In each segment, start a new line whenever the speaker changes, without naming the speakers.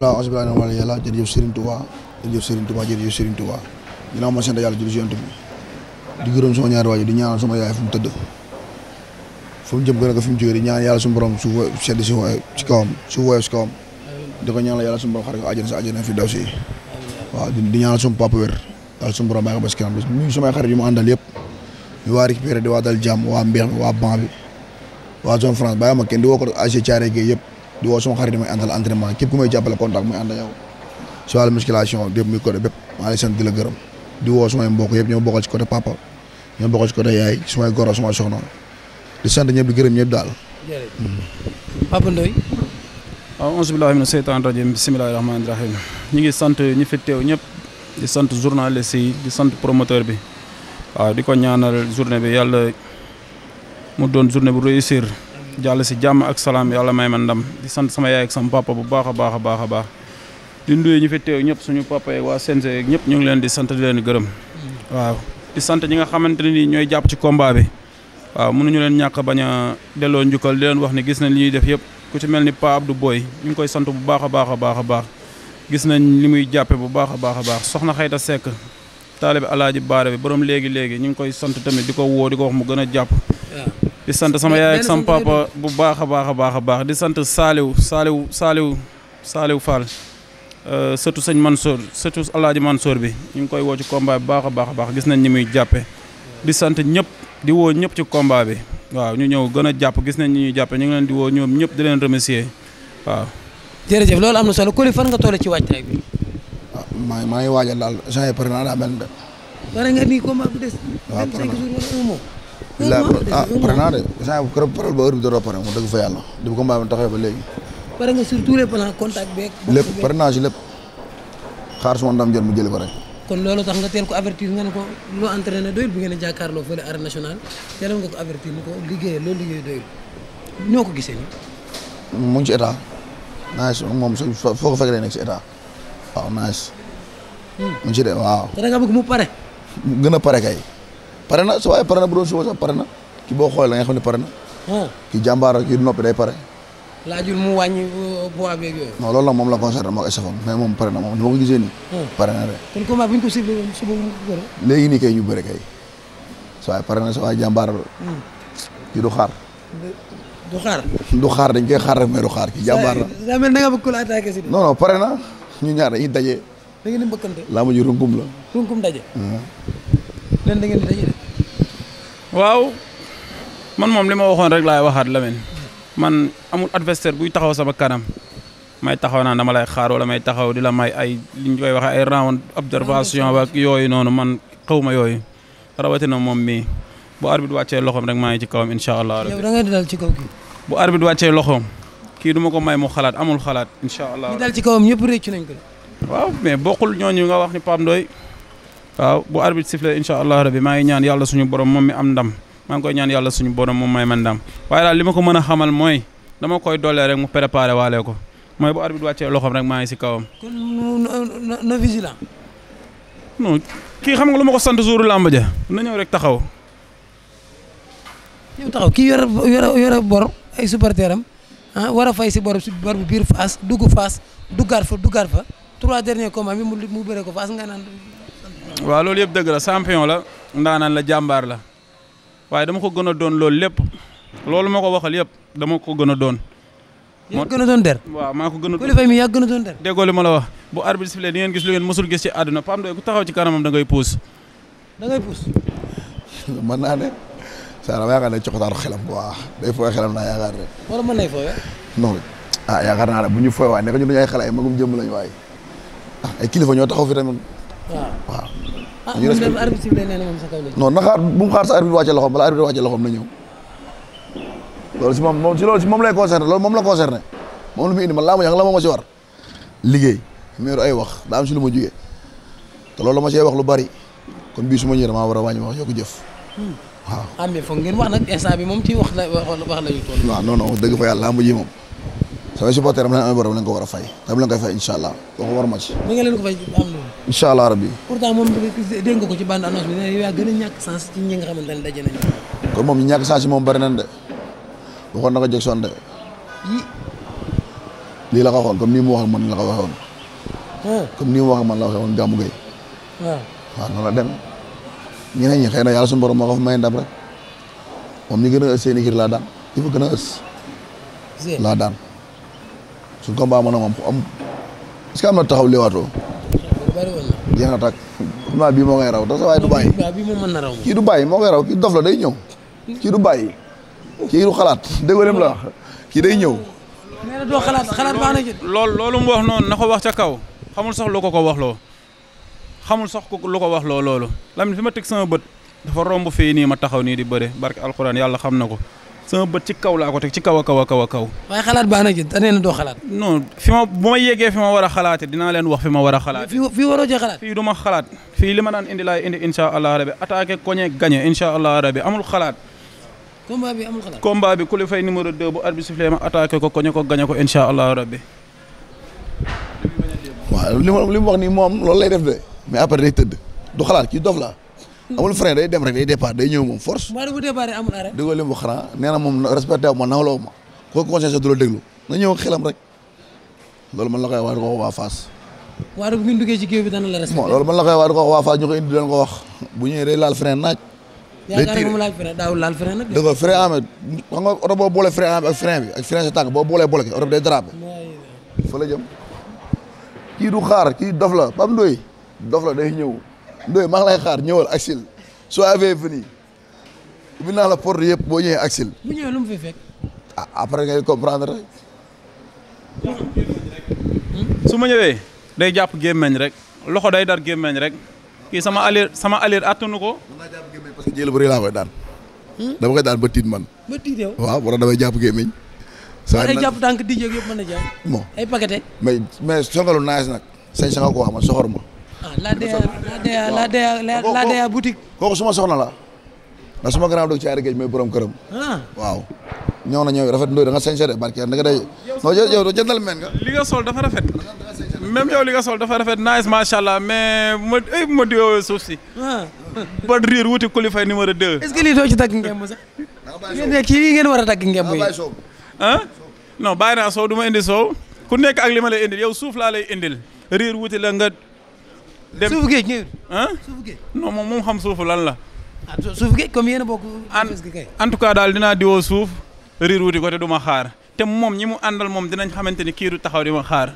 waaw auzu billaahi mina yàlla jërëjëf Serigne Touba jërëjëf Serigne Touba jërëjëf Serigne Touba ginnaaw ma sant yàlla jërëjëf Yonent bi di gërëm sama ñaari waajur di ñaanal sama yaay fu mu tëdd fu mu jëm gën a ko fi mu jógee di ñaan yàlla suñu borom suuf sedd si si kawam suuf woyof si kawam di ko ñaanal yàlla suñu borom xare ko àjjana sa àjjana fi daw si waaw di ñaanal suñu papa wér yàlla suñu borom bàyyi ko ba si kanam muy samay xarit yu ma àndal yëpp ñu waa récupéré di waa dal jàmm waa mbeex bi waa ban bi waa zone France bàyyi ma kenn di woo ko AG Thiaré Gueye yëpp di woo suma xarit yi may àndal entraînement képp ku may jàppale contact muy ànd yow si wàllu musculation bépp muy côté bépp maa ngi sant a la gërëm di woo ñoo bokkal ci côté papa ñoo bokkal ci côté goro suma soxna di sant ñëpp di gërëm ñëpp daal.
Papa Ndoye. waaw auzu billaahi mina ñu ngi sant ñi fi teew ñëpp di sant journaliste yi di sant promoteur bi waaw di ko ñaanal journée bi yàlla mu doon journée bu réussir. jàll si jàmm ak salaam yàlla may ma ndam di sant sama yaay ak sama papa bu baax a baax a baax a baax di nuyu ñu fi teew ñëpp suñu papa yi waa CNG ak ñëpp ñu ngi leen di sant di leen gërëm waaw di sant ñi nga xamante ne nii ñooy jàpp ci combat bi waaw ñu leen ñàkk bañ a delloo njukkal di leen wax ne gis nañ li ñuy def yëpp ku ci mel ni paa Abdou booy ñu ngi koy sant bu baax a baax a baax a baax gis nañ li muy jàppe bu baax a baax a baax soxna Xayta Seck taalibe Alaaji Baara bi borom léegi-léegi ñu ngi koy sant tamit di ko woo di ko mu gën a jàpp di sant sama yaay ak sama papa bu baax a baax a baax a baax di sant Saliou Saliou Saliou Saliou Fall euh, surtout sëñ Mansour surtout Alaaji Mansour bi ñu ngi koy woo ci combat bi baax a baax a baax gis nañ ni muy jàppe di sant ñëpp di woo ñëpp ci combat bi waaw ñu ñëw gën a jàpp gis nañ ni ñuy jàppe ñu ngi leen di woo ñoom ñëpp di leen remercier waaw.
jërëjëf loolu am na solo Coly fan nga toll ci waajtaay bi. ah maa maa ngi waajal daal pare naa daa mel. pare
ah pare naa de saa bu keroog parole ba heure bi dootoo pare mu dëgg fa yàlla di combat bi taxawee ba léegi.
pare nga sur tous les plans contact beeg. lépp pare
naa si lépp xaar suma ndam jot mu jëli ko rek.
kon loolu tax nga teel ko avertir nga ne ko loo entraîné doyul bi ngeen a jàkkaarloo fële arène nationale teeloon nga ko avertir ni ko liggéeyee loolu liggéey doyul ñoo ko gisee
nii. mu ngi ci état nice moom foo ko fekk day nekk si état waaw nice. Hmm. mu ngi ci de waaw. te da nga bëgg mu pare. gën a pare kay. pare na su waaye pare na bu doon suba sax pare na ki boo xoolee la nga xam ne pare na. Ah. ki jàmbaar ki noppi day pare.
laajul mu wàññi euh, poids beeg yooyu.
non la concerné ma ko gisee nii. Ah. pare na de.
kon ñu ko ciblé woon suba mu
bëre. léegi jàmbaar la. Hmm. ki du xaar. du xaar. dañ koy xaar rek mais du xaar. ki jàmbaar la
saa na nga bëgg ko la attaqué
na ñu ñaar dañuy
da
ji
runkum daje. Hmm. leen da ngeen waaw man moom li ma waxoon rek laay waxaat la man amul adversaire buy taxaw sama kanam may taxaw naa dama lay xaar wala may taxaw di la may ay li koy waxee ay round observation ak yooyu noonu man xaw ma yooyu rawatina moom mii bu arbitre wàccee loxoom rek maa ngi ci kawam incha allah. yow da ngay dal ci bu arbitre wàccee loxoom kii duma ko may mu xalaat amul xalaat. incha allah
ci kawam ñëpp réccu nañ ko.
waaw mais bokkul ñooñu nga wax ni Pape Ndoye waaw bu arbitre sifflé incha allah rabbi maa ngi ñaan yàlla suñu borom moom mi am ndam maa ngi koy ñaan yàlla suñu borom moom may man ndam waaye daal li ma ko mën a xamal mooy dama koy doolee rek mu préparé waale ko mooy bu arbitre wàccee loxoom rek maa ngi si kawam.
kon na vigilant.
non kii xam nga lu ma ko sant suuru làmb ja na ñëw rek taxaw.
ñëw taxaw kii yore yore bor ay supporteram ah war a fay si bor si bor bu biir Fass dugg Fass duggaat fa duggaat fa trois derniers combats bi mu mu bëre ko Fass nga naan.
waaw loolu yëpp dëgg la sampion la ndaanaan la jàmbaar la waaye dama ko gën a doon loolu lépp loolu ma ko waxal yëpp dama ko gën a doon. yaa gën a doon maa ko gën a doon kilifa
mi doon der.
déggoo li ma la wax bu arbitre sifflé di ngeen gis lu ngeen mosul gis ci àdduna Pam Ndoye ku taxaw ci kanamam da ngay puus.
da puus.
mën naa ne. saa dama yaakaar ne coxotaaru xelam bu baax day fooy xelam naa yaakaar ne. Ah, ne bu ñu fooy waay nekk ñun ay xale ay magum jëm lañu waay ah, ay kilifa ñoo taxaw fi tamit. waaw Ah, ñu respecté ah arbitre
bi nee na
xaar bu mu xaar sa arbitre wàcce loxoom bala arbitre wàcce loxoom na ñëw loolu si moom moom si loolu si moom lay concerné loolu moom la concerné moom lu mu indi man laa ma yàq la ma si war liggéey meeru ay wax daa ma jugee loolu ma see wax lu bari kon bii su ma ñëwee damaa war a wàññi wax yokku jëf hmm. waaw
ah mais foog ngeen wax nag instant moom ci wax la wax la ñu toll. waaw non
non dëgg fa yàlla làmb ji moom samay supporter war a fay tam leen koy fay incha allah boo ko war a màcc. incha allah rabbi.
pourtant nga ko ci bande yaa gën a ñàkk sens ci ñi nga xamante ne daje nañu.
kon moom ñu ñàkk sens moom bari de waxoon na ko Jackson de. lii la ko waxoon comme nii mu wax man la ko waxee woon. Ah. comme nii mu wax man la woon Gamou Gueye. Ah. waaw xëy na yàlla suñu borom moo ko fa may ndam rek moom ñi gën a ës seen ikir laa il faut gën a ës. laa daan suñu combat ma ne moom am est-ce que am na taxaw leewaatoo. jeex na tàkk xam naa bii moo ngay raw te sa du bàyyi kii du bàyyi moo koy raw kii dof la day ñëw kii du bàyyi kii du xalaat déggoo la kii day ñëw
loolu loolu mu wax noonu na ko wax ca kaw xamul sax lu ko ko wax loo xamul sax ku lu ko wax loo loolu lam fi ma teg sama bët dafa romb fii nii ma taxaw nii di bëre barke alxuraan yàlla xam na ko sama bët ci kaw laa ko teg ci kaw a kaw a kaw a kaw.
waaye xalaat baax na ci da nee na doo xalaat.
non fi ma bu ma yeggee fi ma war a xalaatee dinaa leen wax fi ma war a xalaat. fii fii waroo cee xalaat. fii du ma xalaat fii li ma daan indi laay indi incha allah rabi attaqué koñe gagné incha allah rabi amul xalaat. combat bi bi ku li fay numéro 2 bu arbitre sifflé ma attaqué ko koñe ko gagné ko incha allah rabi.
li ma li mu wax nii moom loolu lay def de mais après day tëdd du xalaat kii dof la amul frein day dem rek day départ day ñëw moom force. waaye bu départ amul moom respecté wu ma nawloo ma ko conseil sax du la na ñëw xelam rek loolu man la ko wax waa Fass.
waaw bu ngeen duggee ci géew bi dana la respecté. bon loolu man
la koy wax di ko wax waa Fass ñu ko indi ko bu ñëwee day laal frein naaj.
day tiir yaakaar laaj frein
daawul boo boolee frein amee ak frein bi ak frein sa tànk boo boolee bloqué oto bi day drapé. fa la jëm kii du kii dof la Pape Ndoye day ñëw Ndoye maa lay xaar ñëwal Axil soo avee venu ubbi naa la porte yëpp boo ñëwee Axil.
bu ñëwee mu fi fekk.
Ah, après ngay comprendre rek.
su ma ñëwee day jàpp gémmeñ rek loxo day dar gémmeñ rek kii sama alir sama alir attanu ko. mën naa
jàpp parce que jël bëri laa koy daan. Hmm? dama koy daan ba tiit man. ba tiit yow waaw war na jàpp gémmeñ. saa ay jàpp
tànk di yëpp mën na jàpp. bon ay paquet.
mais mais soxalu naaj nag. sañ nga ko wax man soxor ma.
Ah, la DA la
DA la DA ah, boutique. kooku suma soxna la. ndax suma grand doog ci aar géej mooy borom këram. Ah. waaw. ñëw na ñëw rafet ndoy da nga barke da nga day non yow
li nga sol dafa rafet. même yow li nga sol dafa rafet nice macha allah mais ma ay eh, ma diwoo suuf si. ba riir wuti qualifié numéro 2. est-ce
lii doo ci tagg ngemb sax.
yéen nekk yi ngeen war a tagg ngemb yi. ah non bàyyi naa soow du ma indi soow ku nekk ak li ma lay indil yow suuf laa lay indil riir wuti la dem suufu géej ngeen. moom moom xam suufu lan la. ah suufu géej comme yéen a en tout cas daal dinaa diwoo suuf riir wuti ko te du ma xaar te moom ñi mu àndal moom dinañ xamante ni kii du taxaw di ma xaar.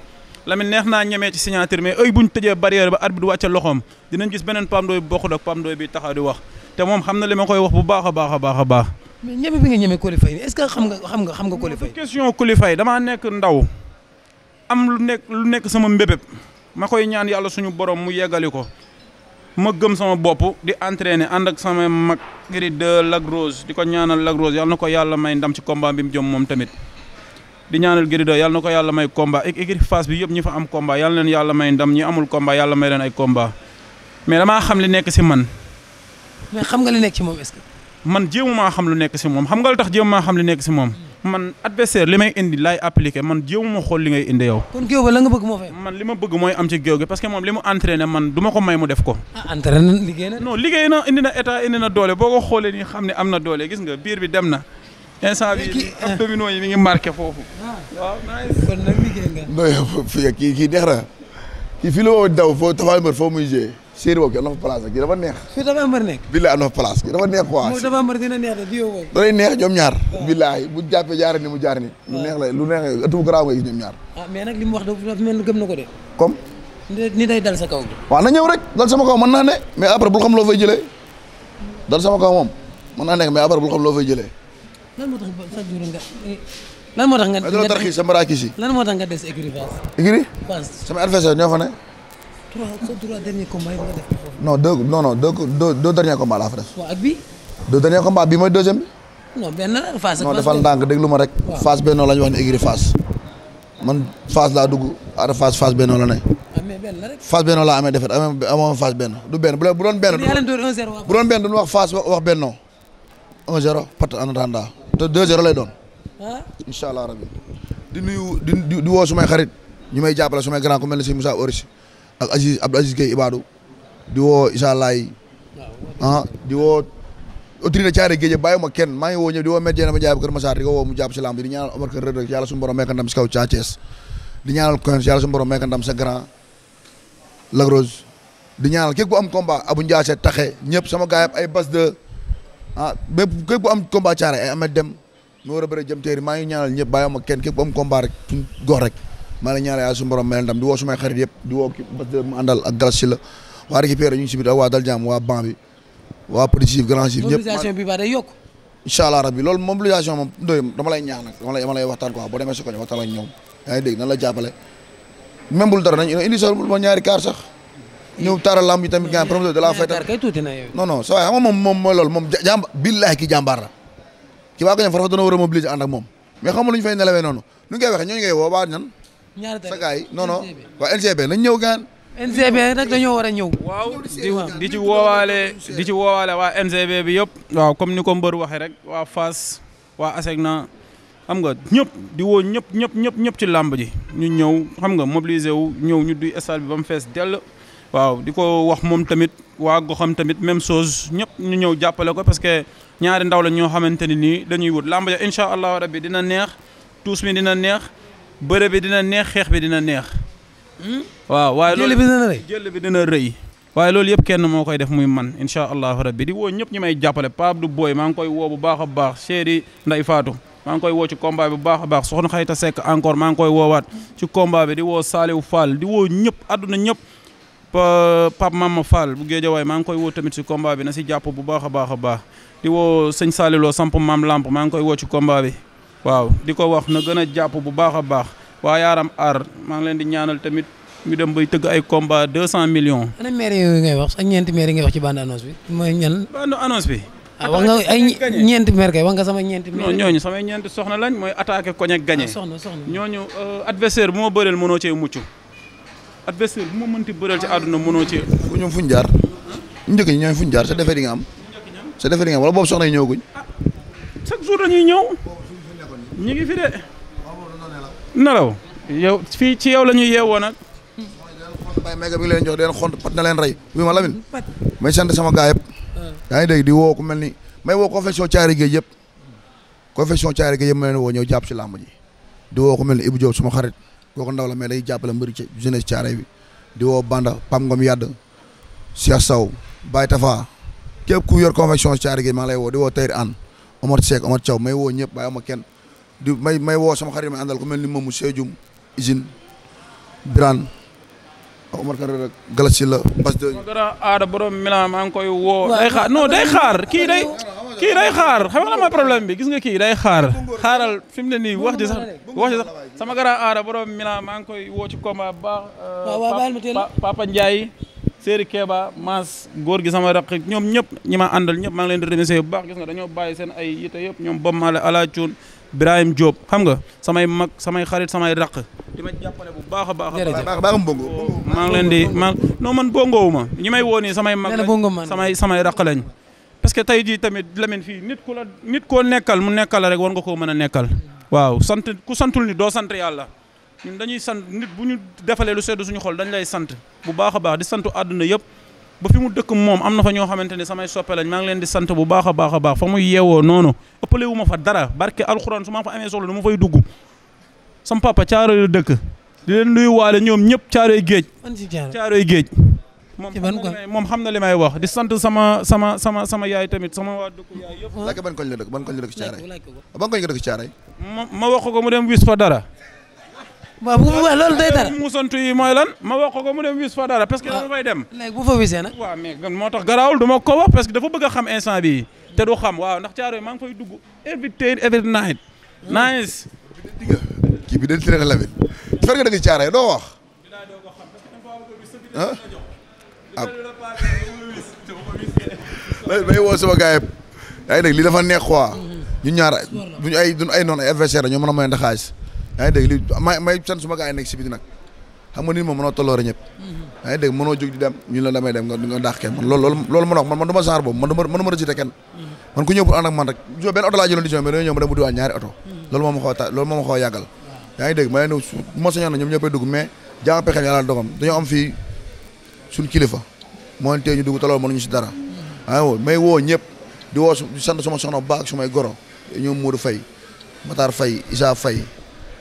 Lamine neex naa ñemee ci signature mais ay buñ tëjee barrière ba arbitre wàcce loxoom dina gis beneen Pape Ndoye bokkul ak Pape Ndoye bi taxaw di wax te moom xam na li ma koy wax bu baax a baax a baax a baax.
mais ñeme bi nga ñeme qualifié est-ce que xam nga xam nga xam nga qualifié.
question qualifié damaa nekk ndaw am lu nekk lu nekk sama mbébét ma koy ñaan yàlla suñu borom mu yeggali ko ma gëm sama bopp di entraîner ànd ak sama mag ngir de Lac di ko ñaanal Lac Rose yàlla na ko yàlla may ndam ci combat bi mu jëm moom tamit. di ñaanal Gris 2 yàlla na ko yàlla may combat ek écurie fas bi yëpp ñi fa am combat yàlla leen yàlla may ndam ñi amul combat yàlla may leen ay combat mais damaa xam li nekk si man.
mais xam nga li nekk ci moom est-ce que.
man jéemu xam lu nekk si moom xam nga lu tax jéemu maa xam li nekk si moom. man adversaire li may indi laay appliqué man jéem ma xool li ngay indi yow. kon géew ba la nga bëgg moo fay. man li ma bëgg mooy am ci géew gi parce que moom li mu entraîné man du ma ko may mu def ko. ah entraîné na liggéey na. non liggéey na indi na état indi na doole boo ko xoolee nii xam ne am na doole gis nga biir bi dem na. instant bi abdominaux eh. yi mi ngi marqué foofu. Ah. waaw kon nag liggéey
nga. kii kii dex na kii fii la woo daw foo taxawaay foo muy jiyee. séeréer boobu am na fa place rek dafa neex. fii dafa mër nekk. am na fa place dafa neex quoi. moom
dafa mër dina neex de diw boobu. da lay neex ñoom
la lu neex la ëttu bu garaaw nga
ah, na ko de. comme.
na ñëw rek dal sama kaw mën naa mais après bul xam loo fay jëlee mais après eh, moo tax nga yi.
lan moo des écurie Fass.
écurie Fass ne
trois sa trois derniers combats yi nga def
non deux non non deux deux deux derniers combats laa fa ma rek. waaw Fass bennoo wax ne écurie Fass. man Fass laa dugg aada Fass Fass bennoo la ne. amee ah, benn rek Fass bennoo laa amee defet amee amoo Fass benn du benn bu doon benn. du ñu wax Fass wax bennoo. 1-0 pat en te 2-0 lay doon. Ah. incha allah rabi di nuyu di di woo sumay xarit ñu may jàppale sumay grand ku mel ne si Moussa Oris. ak Aziz Abdou Aziz di woo incha allah ah di woo autorité caare géej bàyyi ma kenn maa ngi woo ñëw di woo met jeena ma jaay bu kër Massar di ko woo mu jàpp si di ñaanal Omar Kër Reug Reug yàlla suñu borom meeka ndam si kaw Sa Thiès di ñaanal di ñaanal képp ku am combat Abou Ndiasse taxe ñëpp sama gaay ay bas de ah bépp ku am combat caare ay amet dem mu war a bëri jëm téeri maa ngi ñaanal ñëpp bàyyi ma kenn képp ku am combat rek suñ gox rek maa la ñaanal yàlla suñu borom mel ndam di woo sumay xarit yëpp di woo ki Badr mu la waa récupéré ñu ngi si biir ak waa Dal Jàmm waa banc bi waa Petit Chief Grand Chief ñëpp mobilisation rabbi loolu mobilisation moom doy dama lay ñaan nag dama lay dama la jàppale même bul dara ma ñaari kaar sax ñëw taaral lamb yi tamit nga promoteur de la fête moom moom mooy moom jàmb billaahi ki jàmbaar la ki waa ko ñam farafa doona war a mobiliser moom mais xam nga lu ñu ñaari dara sa gars yi non NGB nañ ñëw gaan NGB nag dañoo war a ñëw.
waaw di ci woowaale di ci woowaale waa NGB bi yëpp. waaw comme ni ko mbër waxee rek waa Fass waa na xam nga ñëpp di woo ñëpp ñëpp ñëpp ñëpp ci làmb ji ñu ñëw xam nga mobiliser wu ñëw ñu duy stade bi ba mu fees dell. waaw di ko wax moom tamit waa goxam tamit même chose ñëpp ñu ñëw jàppale ko parce que ñaari ndaw la ñoo xamante ni nii dañuy wut làmb ja incha allahu rabbi dina neex tuus mi dina neex. bëre bi dina neex xeex bi dina neex. Hmm? waaw waaye loolu jël bi dina rëy waaye loolu yëpp kenn moo koy def muy man incha allahu rabbi di woo ñëpp ñi may jàppale Pape du Boy maa ngi koy woo bu baax a baax Chéri Ndeye Fatou maa ngi koy woo ci combat bi bu baax a baax soxna Xayta encore maa ngi koy woowaat ci combat di woo Saliou faal di woo ñëpp àdduna ñëpp Pape Mama Fall bu Géejawaay maa ngi koy woo tamit ci combat bi na si jàpp bu baax a baax a baax di woo sëñ Saliou Lo samp maam lamp maa ngi koy woo ci combat waaw di ko wax na gën a jàpp bu baax a baax waa yaaram aar maa ngi leen di ñaanal tamit ñu dem bay tëgg ay combat 200 millions.
ana maire yooyu ngay wax ak ñeenti maire yi ngay wax ci bande annonce bi mooy ñan.
bande annonce bi. ah wax nga ay ñeenti maire kay wax nga sama ñeenti. non ñooñu samay ñeenti soxna lañ mooy attaqué koñ ak gagné. Ah, soxna soxna ñooñu euh, adversaire bu ma bëreel mënoo cee mucc. adversaire bu ma mënti bëreel ci àdduna mënoo cee. bu ñoom fuñ jaar
njëkk ñi ñooy fuñ jaar sa defee di nga am sa defee di nga am wala boobu soxna yi ñëwaguñ. Ah,
chaque jour dañuy ñëw. ñu fi de. nelaw yow fii ci yow la ñuy yeewoo nag. bay mega bi leen jox xont pat leen rey wi ma lamin
may sant sama gaa yëpp ah. yaa ngi dégg di woo ku mel ni may woo confession caari géej yëpp confession caari woo ñëw jàpp si làmb ji di woo ku mel ni Ibou suma xarit kooku ndaw la mel day jàppale mbir ci jeunesse di woo Banda Pam Ngom Yadd Cheikh Sow Baye Tafa képp ku yor confession caari géej maa lay woo di woo Tayr Anne Omar Seck Omar Thiaw may woo ñëpp bàyyi ma kenn di may may woo sama xarit ma àndal ku mel ni moomu Sédhiou usine Birane Omar Kane rek Galassi la Bas de.
dara aada borom maa ngi koy woo. day xaar non day xaar kii day. kii day xaar xam nga ma bi gis nga kii day xaar xaaral fi ne nii wax ji sax sama gara aada borom Milan maa ngi koy woo ci combat bu euh, baax. papa Ndiaye. Séeri Kéba Maas góor gi samay raq ñoom ñëpp ñi ma àndal ñëpp maa ngi leen di remercier bu baax gis nga dañoo bàyyi seen ay yite yëpp ñoom Bob Male Ala Cuun Ibrahim nga samay mag samay xarit samay raq di ma jàppale bu baax a baax a baax maa ngi leen di maa non man bongowu ma ñi may woo nii samay mag samay samay raq lañ parce que tey jii tamit Lamine fii nit ku la nit koo nekkal mu nekkal la rek war nga koo mën a nekkal waaw santul ni doo sant yàlla ñun dañuy sant nit bu ñu defalee lu sedd suñu xol dañ lay sant bu baax a baax di sant àdduna yëpp ba fi mu dëkk moom am na fa ñoo xamante ne samay soppe lañ maa ngi leen di sant bu baax a baax baax fa mu yeewoo noonu ëppale ma fa dara barke alxuraan su ma fa amee solo dama fay dugg sam papa caaro dëkk di leen nuyuwaale ñoom ñëpp caaroy géej caaroy géej moom xam na li may wax di sant sama sama sama sama yaay tamit sama waa dëkk yaay yëpp ban koñ la dëkk la dëkk caaray ban koñ nga dëkk caaray ma wax ko mu dem wis fa dara waaw bu waaw loolu day dara muusantu ma wax ko mu dem wis fa dara parce que ah, dafa fay dem léegi bu fa wisee nag waaw mais moo tax garaawul du ma ko wax parce que dafa bëgg xam instant bi te du xam waaw ndax caaro yi maa ngi fay dugg every day every night nice kii bi dañ ci la Lamine fer nga dëgg
doo wax ah may woo sama gars yi ay nag li dafa neex quoi mm-hmm. ñu ñaar duñu ay duñu ay noon ay adversaire ñoo mën a may ndax xaalis yaa ngi dégg li may may sant suma gars yi nekk si biti nag xam nga nit moom mënoo tolloore ñëpp mhm. yaa ngi dégg mënoo jóg di dem ñu la damay dem nga daax kenn man loolu loolu loolu mën wax man man du ma genre boobu man du ma man du ma rejeté kenn mhm. man ku ñëw pour ànd ak man rek jo benn oto laa jëloon décision mais dañoo ñëw ma dem uti waa ñaari oto mhm. loolu moom xaw a loolu moom xaw a yàggal yaa ngi dégg ma leen mo sañoon na ñoom ñëppay dugg mais jaa pexem yàlla dogam dañoo am fii suñ kilifa moo tee ñu dugg te loolu mënuñu si dara waaw may woo ñëpp di woo sant suma soxna bu baax ak sumay goro ñoom Modou Faye Matar Faye Isa Faye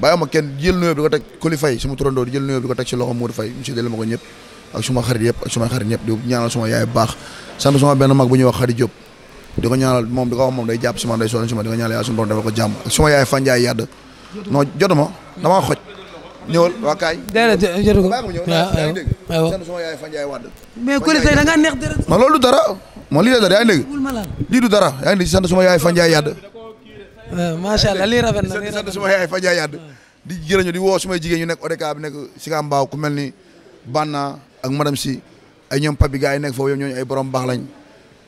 bàyyi ma kenn jël nuyoo bi di ko teg Coly Faye suma turandoo di jël nuyoo bi di ko teg si loxo Modou Faye monsieur delu ma ko ñëpp ak suma xarit yëpp ak suma ñaanal suma yaay baax sant suma benn mag bu ñuy wax Khady Diop di ko ñaanal moom di ko wax moom day jàpp suma day solan suma di ko ñaanal yàlla suñu borom defal ko jàmm ak suma yaay Fandiaye Yàdd non jotuma damaa xoj ñëwal kaay. déedéet jotu ko waaw waaw sant
suma yaay Fandiaye Wade.
ma loolu dara ma lii la dara yaa ngi
dégg
lii du dara yaa ngi dégg sant suma yaay Fandiaye Yàdd Euh, macha allah lii rafet na lii rafet na suma yaay fa jaay yàdd di jërëñu di woo sumay jigéen ñu nekk ODCAV bi nekk Sika Mbaaw ku mel ni Banna ak madame si ay ñoom papi gars yi nekk foofu ñooñu ay borom baax lañ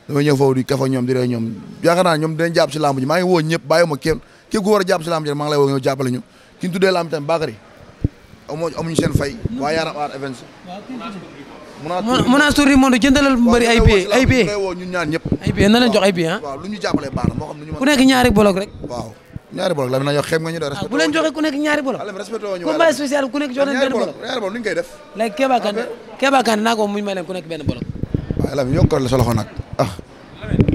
damay ñëw foofu di kafa ñoom di ree ñoom yaakaar naa ñoom dinañ jàpp si lamb ji maa ngi woo ñëpp bàyyi ma kenn képp ku war a jàpp si lamb ji maa ngi lay woo ñëw ñu ki fay waa Yaram Art Events Monastir Rimondo jëndalal mbëri ay billets ay billets waaw ñun ñaar ñëpp
ay billets na leen jox ay billets ah waaw lu ñu jàppale baax na moo xam lu ñu mën bolok rek
waaw bolok la na yow nga ñu do respecté
ah, bu bolok combat spécial ku nekk jox leen benn bolok ñaari bolok def léegi Kéba Kane naa ko muñ leen ku nekk bolok
waaw Lamine yokk ko la sa loxo nag ah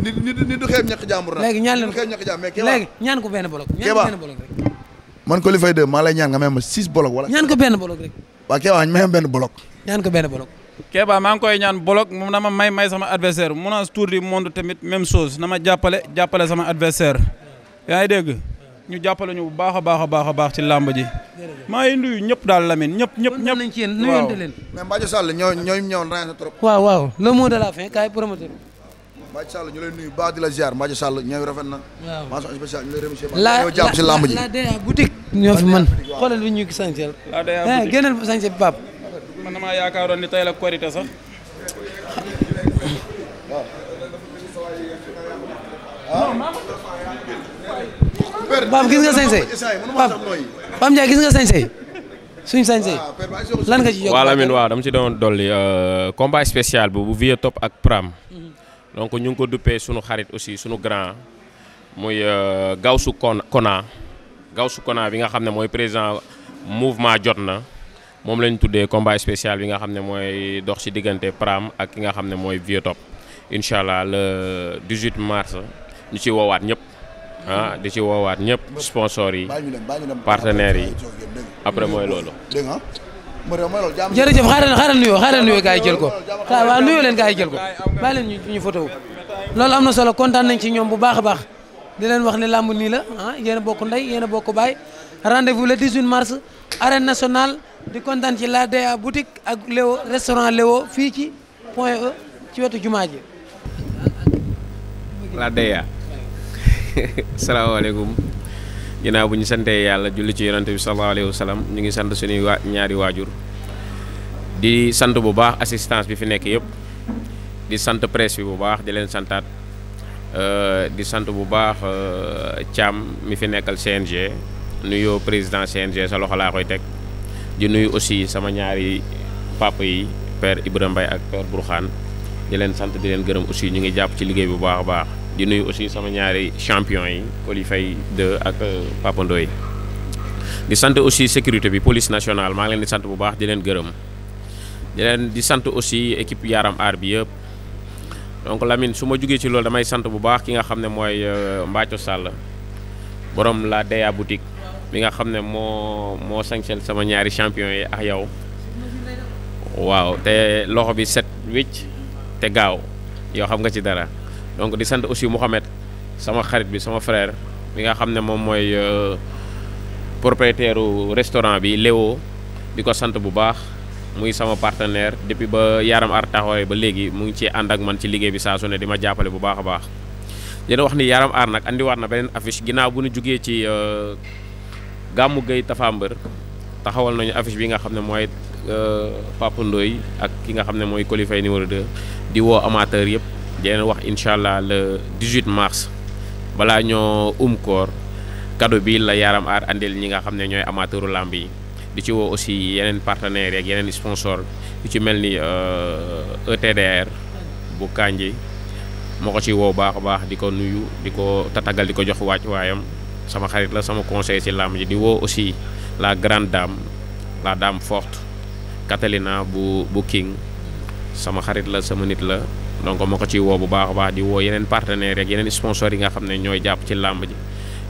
ni ni du xeeb ñàkk ñaan leen xeeb ñàkk jàmbur mais léegi ñaan
ko benn bolok ñaan benn bolok rek
man ko li maa lay ñaan nga may ma six bolok wala ñaan
ko bolok rek
waaw Kéba ñu may benn bolok
Kéba maa ngi koy ñaan bolok na ma may may sama adversaire a Tour du Monde tamit même chose na ma jàppale jàppale sama adversaire yaa ngi dégg ñu jàppale ñu bu baax a baax a baax a baax ci làmb ji maa ngi nuyu ñëpp daal Lamine ñëpp ñëpp ñëpp nañ ci yéen nuyante leen mais Mbathio Sall ñoo ñooy ñëwoon ren sa trop waaw waaw le mot de la fin kaay
promoteur ñu lay nuyu baax di la ziar Mbathio Sall ñooy rafet na waaw
jàpp ci làmb ji la DA boutique ñoo fi man xoolal bi ñu ki sancel eh, génnal sancel bi Pape man damaa yaakaaroon ni tey la korite sax
baab gis nga sañse baab
baab Ndiaye gis ah,
lan nga ci yokk waaw
Lamine waaw dama ci doon dolli euh, combat spécial bu bu Vieux Top ak Pram mhm. donc ñu ngi ko duppee suñu xarit aussi suñu grand muy euh, gaaw su Kona gaaw su Kona bi nga xam ne mooy président mouvement jot na moom lañ tuddee combat spécial bi nga xam ne mooy dox ci diggante Pram ak ki nga xam ne mooy Vieux Top incha allah le 18 mars ñu ci woowaat ñëpp ah di ci woowaat ñëpp sponsors yi partenaires yi après mooy loolu.
a xaaral xaaral nuyoo xaaral nuyoo gars yi jël ko waaw leen gars jël ko
ñu ñu photo loolu am na solo kontaan nañ ci ñoom bu baax a baax di leen wax ne làmb nii la ah bokk ndey yéen a bokk baay rendez-vous le 18 mars arène nationale. di kontaan ci la DA boutique ak Léo restaurant Léo fii ci point E ci wetu jumaa ji.
la DA salaamaaleykum ginnaaw bu ñu santee yàlla julli ci yonante bi sallallahu alayhi wa ñu ngi sant suñuy waa ñaari waajur di sant bu baax assistance bi fi nekk yëpp di sant presse bi bu baax di leen santaat euh, di sant bu baax euh, Thiam mi fi nekkal CNG nuyoo président CNG sa loxo laa koy teg. di nuyu aussi sama ñaari papa yi père Ibrahima mbay ak père Bourkhane di leen sant di leen gërëm aussi ñu ngi jàpp ci liggéey bu baax a baax di nuyu aussi sama ñaari champion yi Coly Faye 2 ak euh, Papa di sant aussi sécurité bi police nationale maa ngi leen di sant bu baax leen gërëm di di sant aussi équipe yaaram aar bi yëpp donc Lamine su ma jugee ci loolu damay sant bu baax ki nga xam ne mooy euh, Mbathio Sall borom la DEA boutique. mi nga xam ne moo moo sañsel sama ñaari champion yi ak yow waaw te loxo bi set wicc te gaaw yow xam nga ci dara donc di sant aussi Mouhamed sama xarit bi sama frère mi nga xam ne moom mooy euh, propriétaire restaurant bi Léo di ko sant bu baax muy sama partenaire depuis ba Yaram Art taxawee ba léegi mu ngi ci ànd ak man ci liggéey bi saa su ne di ma jàppale bu baax a baax dina wax ni yaaram Art nag indiwaat na beneen affiche ginnaaw bu nu jugee ci euh, Gamou Gueye Tapha taxawal nañu affiche bi nga xam ne mooy euh, Papa Ndoye ak ki nga xam ne mooy Coly Faye numéro 2 di woo amateur yëpp di leen wax incha allah le 18 mars balaa ñoo um koor cadeau bii la Yaram Art andil ñi nga xam ne ñooy amateuru làmb yi di ci woo aussi yeneen partenaires yeeg yeneen sponsor yu ci mel ni ETDR euh, e bu Kanji moo ko ci woo baax baax di ko nuyu di ko tatagal di ko jox wàcc waayam sama xarit la sama conseil ci làmb ji di woo aussi la grande dame la dame forte Catalina bu bu King sama xarit la sama nit la donc moo ko ci woo bu baax a baax di woo yeneen partenaires rek yeneen sponsors yi nga xam ne ñooy jàpp ci làmb ji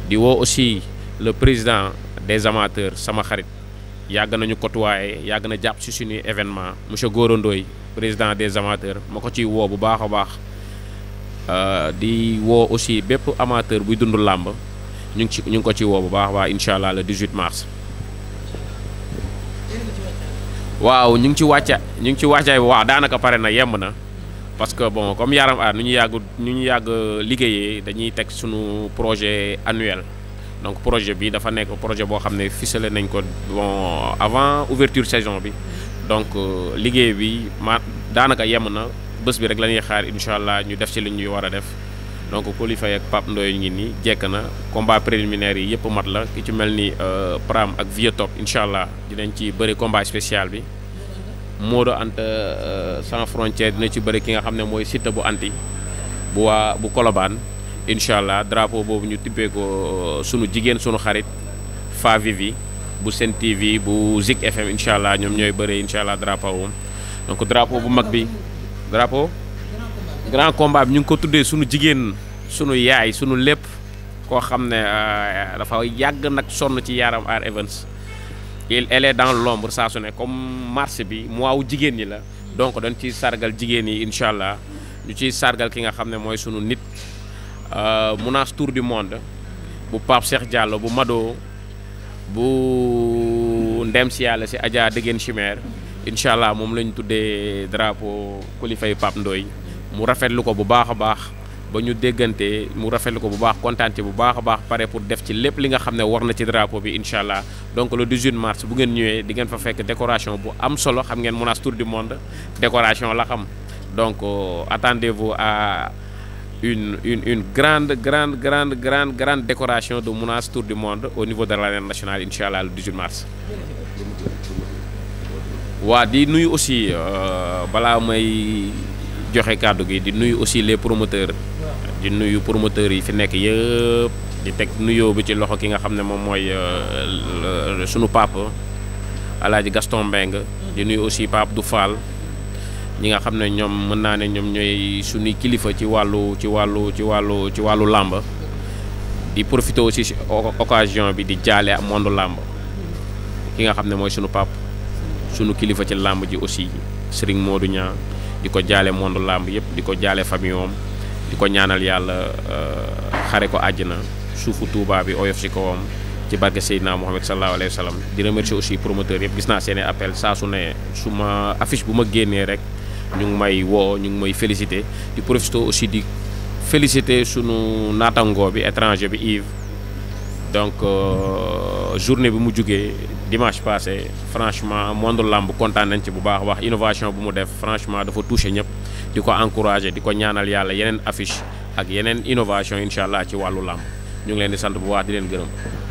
di woo aussi le président des amateurs sama xarit yàgg nañu côtoyer yàgg na jàpp ci suñuy événement monsieur Goro Ndoye président des amateurs moo ko ciy woo bu baax a baax euh, di woo aussi bépp amateur buy dundu làmb ñu ngi ci ñu ngi ko ci woo bu baax waa incha allah le 18 mars. waaw ñu ngi ci wàcca ñu ngi ci wàccaay waaw daanaka pare na yemb na parce que bon comme yaram aar ah, nu ñu yàgg nu ñu yàgg liggéeyee dañuy teg suñu projet annuel donc projet bi dafa nekk projet boo xam ne ficelé nañ ko bon avant ouverture saison bi donc euh, liggéey bi ma daanaka yemb na bés bi rek la ñuy xaar incha allah ñu def si li ñuy war a def donc Coly Faye ak Pape Ndoye ngi nii jekk na combat préliminaire yi yëpp mat la ki ci mel ni euh, Pram ak Vieux Top allah dinañ ci bëri combat spécial bi Modou Anta euh, euh, sans frontière dina ci bëri ki nga xam ne mooy Siteu bu anti bu waa bu Colobane incha allah drapeau boobu ñu tibbee ko sunu jigéen sunu xarit favivi bu Sen TV bu Zik FM incha allah ñoom ñooy bëri incha allah drapeau donc drapeau bu mag bi drapeau. grand combat bi ñu ngi ko tuddee sunu jigéen sunu yaay suñu lépp koo xam ne euh, dafa yàgg nag sonn ci yaaram Art Events il elle dans l'ombre saa su ne comme marché bi mois wu jigéen ñi la donc dañ ci sargal jigéen yi incha allah ñu ci sargal ki nga xam ne mooy suñu nit euh, menace tour du monde bu Pape Cheikh Diallo bu madoo bu ndem si yàlla si Adja Degen Chimère incha allah moom la ñu tuddee drapeau kulifay Pape Ndoye mu rafetlu ko bu baax a baax ba ñu déggante mu rafetlu ko bu baax kontaan ci bu baax a baax pare pour def ci lépp li nga xam ne war na ci drapeau bi incha allah donc le 18 mars bu ngeen ñëwee di ngeen fa fekk décoration bu am solo xam ngeen Mounass Tour du Monde décoration la xam donc euh, attendez-vous à une une une grande grande grande grande grande décoration de Mounass Tour du Monde au niveau de l'arène nationale incha allah le mars. waa di nuyu aussi euh, balaa may. joxe kàddu gi di nuyu aussi les promoteurs di nuyu promoteurs yi fi nekk yëpp di teg nuyoo bi ci loxo ki nga xam ne moom mooy euh, sunu papa alaaji Gaston Mbengue di nuyu aussi Pape du Fall ñi nga xam ne ñoom mën naa ne ñoom ñooy suñuy kilifa ci wàllu ci wàllu ci wàllu ci wàllu làmb di profité aussi ci bi di jaale monde làmb ki nga xam ne mooy sunu pap sunu kilifa ci làmb ji aussi Serigne Modou Niang di ko jaale monde làmb yëpp di ko jaale famille am di ko ñaanal yàlla euh, xare ko àjjana suufu Touba bi oyof si kawam ci barke Seydina Mohamed sallallahu alayhi wa sallam di remercier aussi promoteur yëpp gis naa seeni appel saa su ne su ma affiche bu ma génnee rek ñu ngi may woo ñu ngi may félicité di profité aussi di félicité sunu naatangoo bi étranger bi Yves donc euh, journée bi mu jugee dimanche passé franchement monde làmb kontaan nañ ci bu baax wax innovation bu mu def franchement dafa touché ñëpp di ko encouragé di ko ñaanal yàlla yeneen affiche ak yeneen innovation incha allah ci wàllu làmb ñu ngi leen di sant bu waa di leen gërëm.